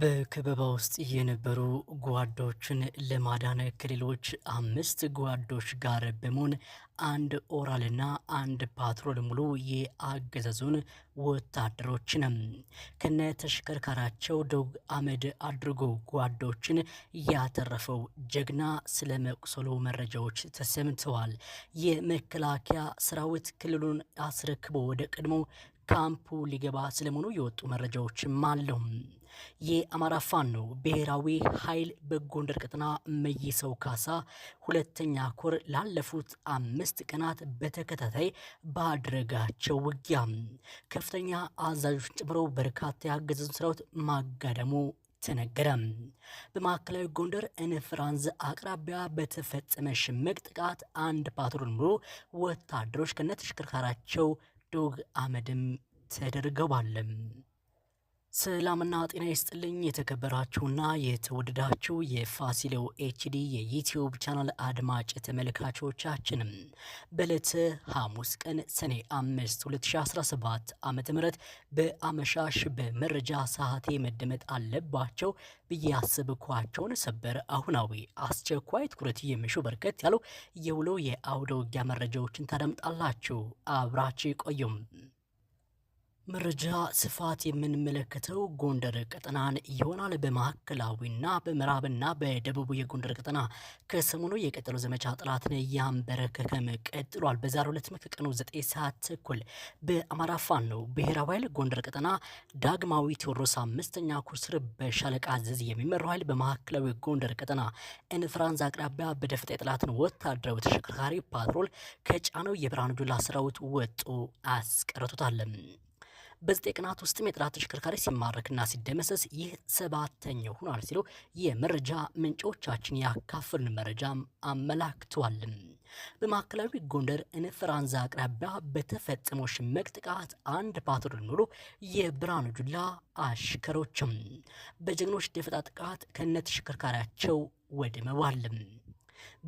በከበባ ውስጥ የነበሩ ጓዶችን ለማዳን ከሌሎች አምስት ጓዶች ጋር በመሆን አንድ ኦራልና አንድ ፓትሮል ሙሉ የአገዛዙን ወታደሮችንም ከነ ተሽከርካሪያቸው ዶግ አመድ አድርጎ ጓዶችን ያተረፈው ጀግና ስለ መቁሰሉ መረጃዎች ተሰምተዋል። የመከላከያ ሰራዊት ክልሉን አስረክቦ ወደ ቀድሞ ካምፑ ሊገባ ስለመሆኑ የወጡ መረጃዎችም አለው። የአማራ ፋኖ ነው ብሔራዊ ኃይል በጎንደር ቀጠና መይሰው ካሳ ሁለተኛ ኮር ላለፉት አምስት ቀናት በተከታታይ ባድረጋቸው ውጊያ ከፍተኛ አዛዦችን ጨምሮ በርካታ ያገዘዙን ስራዎት ማጋደሙ ተነገረ። በማዕከላዊ ጎንደር እንፍራንዝ አቅራቢያ በተፈጸመ ሽምቅ ጥቃት አንድ ፓትሮል ሙሉ ወታደሮች ከነ ተሽከርካሪያቸው ዶግ አመድም ተደርገዋል። ሰላምና ጤና ይስጥልኝ የተከበራችሁና የተወደዳችሁ የፋሲሎ ኤችዲ የዩትዩብ ቻናል አድማጭ ተመልካቾቻችንም በዕለተ ሐሙስ ቀን ሰኔ 5 2017 ዓ ም በአመሻሽ በመረጃ ሰዓቴ መደመጥ አለባቸው ብዬ ያሰብኳቸውን ሰበር አሁናዊ አስቸኳይ ትኩረት የሚሹ በርከት ያሉ የውሎ የአውደ ውጊያ መረጃዎችን ታዳምጣላችሁ። አብራችሁ ቆዩም። መረጃ ስፋት የምንመለከተው ጎንደር ቀጠናን ይሆናል። በማዕከላዊና በምዕራብና በደቡቡ የጎንደር ቀጠና ከሰሞኑ የቀጠሎ ዘመቻ ጠላትን ያንበረከከም ቀጥሏል። በዛሬው ዕለት ከቀኑ ዘጠኝ ሰዓት ተኩል በአማራ ፋኖ ብሔራዊ ኃይል ጎንደር ቀጠና ዳግማዊ ቴዎድሮስ አምስተኛ ኮር ስር በሻለቃ አዘዝ የሚመራው ኃይል በማዕከላዊ ጎንደር ቀጠና እንፍራንዝ አቅራቢያ በደፈጣ የጠላትን ወታደራዊ ተሽከርካሪ ፓትሮል ከጫነው የብርሃኑ ጁላ ሰራዊት ወጡ አስቀረቱታለም። በዘጠኝ ቀናት ውስጥም የጠላት ተሽከርካሪ ሲማረክና ሲደመሰስ ይህ ሰባተኛው ሆኗል ሲሉ የመረጃ ምንጮቻችን ያካፈሉን መረጃ አመላክቷልም። በማዕከላዊ ጎንደር እንፍራንዛ አቅራቢያ በተፈጸመው ሽምቅ ጥቃት አንድ ፓትሮል ሙሉ የብርሃኑ ጁላ አሽከሮችም በጀግኖች ደፈጣ ጥቃት ከነ ተሽከርካሪያቸው ወድመዋልም።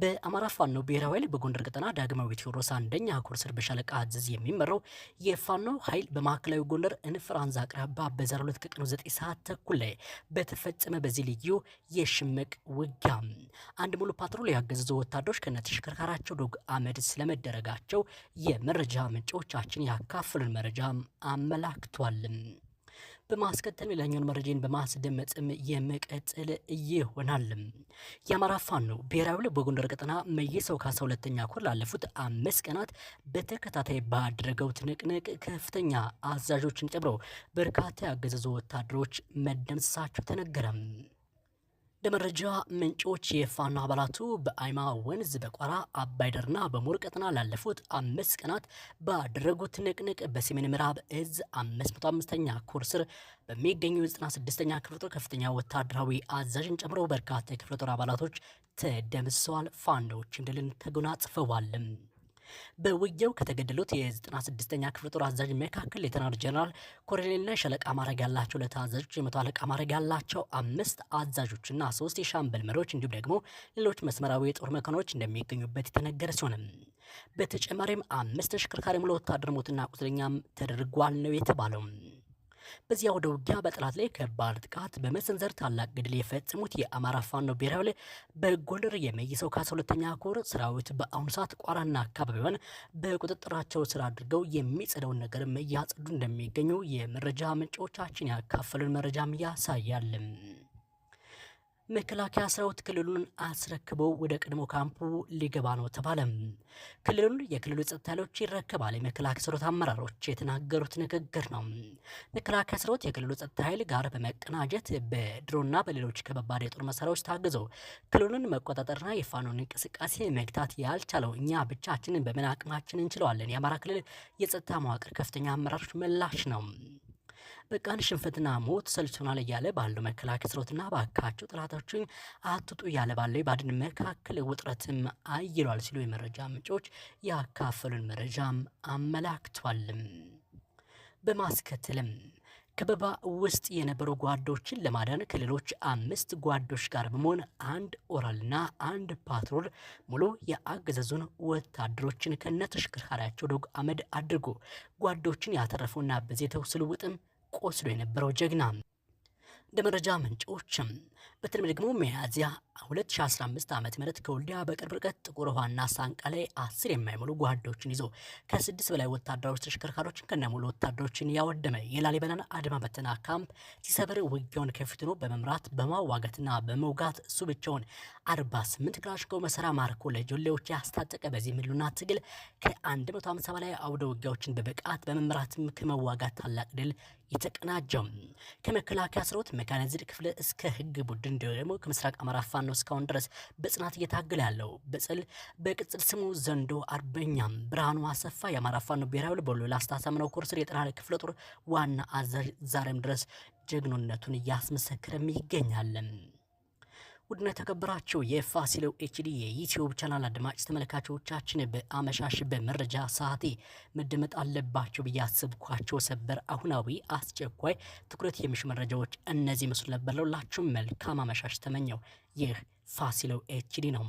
በአማራ ፋኖ ብሔራዊ ኃይል በጎንደር ቀጠና ዳግማዊ ቴዎድሮስ አንደኛ ኮር ስር በሻለቃ አዘዝ የሚመራው የፋኖ ኃይል በማዕከላዊ ጎንደር እንፍራንዝ አቅራቢያ በዛሬው ዕለት ከቀኑ 9 ሰዓት ተኩል ላይ በተፈጸመ በዚህ ልዩ የሽምቅ ውጊያ አንድ ሙሉ ፓትሮል ያገዘዘው ወታደሮች ከነ ከነተሽከርካሪያቸው ዶግ አመድ ስለመደረጋቸው የመረጃ ምንጮቻችን ያካፍሉን መረጃ አመላክቷል። በማስከተል ሌላኛውን መረጃን በማስደመጥም የመቀጠል ይሆናል። የአማራ ፋኖ ብሔራዊ ልብ በጎንደር ቀጠና መይሰው ካሳ ሁለተኛ ኮር ላለፉት አምስት ቀናት በተከታታይ ባደረገው ትንቅንቅ ከፍተኛ አዛዦችን ጨምሮ በርካታ ያገዘዙ ወታደሮች መደምሰሳቸው ተነገረም። ለመረጃ ምንጮች የፋኖ አባላቱ በአይማ ወንዝ በቋራ አባይደርና በሞርቀጥና ላለፉት አምስት ቀናት ባደረጉት ንቅንቅ በሰሜን ምዕራብ እዝ 505ኛ ኮር ስር በሚገኙ 96ኛ ክፍለ ጦር ከፍተኛ ወታደራዊ አዛዥን ጨምሮ በርካታ የክፍለ ጦር አባላቶች ተደምስሰዋል። ፋኖዎችም ድልን ተጎናጽፈዋል። በውጊያው ከተገደሉት የ96ኛ ክፍለ ጦር አዛዥ መካከል ሌተናል ጀነራል ኮሎኔልና የሻለቃ ማዕረግ ያላቸው ለታዛዦች የመቶ አለቃ ማዕረግ ያላቸው አምስት አዛዦችና ሶስት የሻምበል መሪዎች እንዲሁም ደግሞ ሌሎች መስመራዊ የጦር መኮንኖች እንደሚገኙበት የተነገረ ሲሆንም በተጨማሪም አምስት ተሽከርካሪ ሙሉ ወታደር ሞትና ቁስለኛም ተደርጓል ነው የተባለው። በዚያ ወደ ውጊያ በጠላት ላይ ከባድ ጥቃት በመሰንዘር ታላቅ ግድል የፈጸሙት የአማራ ፋኖ ብሔራዊ ላይ በጎንደር የመይሰው ካሳ ሁለተኛ ኮር ሰራዊት በአሁኑ ሰዓት ቋራና አካባቢውን በቁጥጥራቸው ስራ አድርገው የሚጸደውን ነገር እያጸዱ እንደሚገኙ የመረጃ ምንጮቻችን ያካፈሉን መረጃም ያሳያል። መከላከያ ሰራዊት ክልሉን አስረክበው ወደ ቀድሞ ካምፑ ሊገባ ነው ተባለ። ክልሉን የክልሉ ጸጥታ ኃይሎች ይረከባል። የመከላከያ ሰራዊት አመራሮች የተናገሩት ንግግር ነው። መከላከያ ሰራዊት የክልሉ ጸጥታ ኃይል ጋር በመቀናጀት በድሮና በሌሎች ከባባድ የጦር መሳሪያዎች ታግዘው ክልሉን መቆጣጠርና የፋኖን እንቅስቃሴ መግታት ያልቻለው እኛ ብቻችንን በምን አቅማችን እንችለዋለን? የአማራ ክልል የጸጥታ መዋቅር ከፍተኛ አመራሮች ምላሽ ነው። በቃን ሽንፈትና ሞት ሰልችቶናል እያለ ባለው መከላከያ ስሮትና ባካቸው ጠላቶችን አትጡ እያለ ባለው የባድን መካከል ውጥረትም አይሏል ሲሉ የመረጃ ምንጮች ያካፈሉን መረጃም አመላክቷልም። በማስከተልም ከበባ ውስጥ የነበሩ ጓዶችን ለማዳን ከሌሎች አምስት ጓዶች ጋር በመሆን አንድ ኦራልና አንድ ፓትሮል ሙሉ የአገዛዙን ወታደሮችን ከነተሽከርካሪያቸው ዶግ አመድ አድርጎ ጓዶችን ያተረፈውና በዜተው ስልውጥም ቆስሎ የነበረው ጀግና እንደ መረጃ ምንጮችም በተለይ ደግሞ ሚያዝያ 2015 ዓ.ም ከወልዲያ በቅርብ ርቀት ጥቁር ውሃና ሳንቃ ላይ አስር የማይሞሉ ጓዶችን ይዞ ከስድስት በላይ ወታደሮች ተሽከርካሪዎችን ከነሙሉ ወታደሮችን ያወደመ የላሊበላን አድማ በተና ካምፕ ሲሰብር ውጊያውን ከፊት ነው በመምራት በማዋጋትና በመውጋት እሱ ብቻውን 48 ክላሽንኮቭ መሰራ ማርኮ ለጆሌዎች ያስታጠቀ በዚህ ምሉና ትግል ከ150 በላይ አውደ ውጊያዎችን በብቃት በመምራትም ከመዋጋት ታላቅ ድል የተቀናጀው ከመከላከያ ሰራዊት መካናይዝድ ክፍለ እስከ ህግ ቡድን ደግሞ ከምስራቅ አማራ ፋኖ ነው እስካሁን ድረስ በጽናት እየታገለ ያለው። በጽል በቅጽል ስሙ ዘንዶ አርበኛም ብርሃኑ አሰፋ የአማራ ፋኖ ብሔራዊ ልብ ወለድ ኮርስር አሳምነው ክፍለ ጦር ዋና አዛዥ ዛሬም ድረስ ጀግኖነቱን እያስመሰከረም ይገኛለን። ውድና የተከበራቸው የፋሲሎ ኤችዲ የዩትዩብ ቻናል አድማጭ ተመልካቾቻችን በአመሻሽ በመረጃ ሰዓቴ መደመጥ አለባቸው ብያስብኳቸው ሰበር አሁናዊ አስቸኳይ ትኩረት የሚሹ መረጃዎች እነዚህ መስሉ ነበር። ለሁላችሁም መልካም አመሻሽ ተመኘው። ይህ ፋሲሎ ኤችዲ ነው።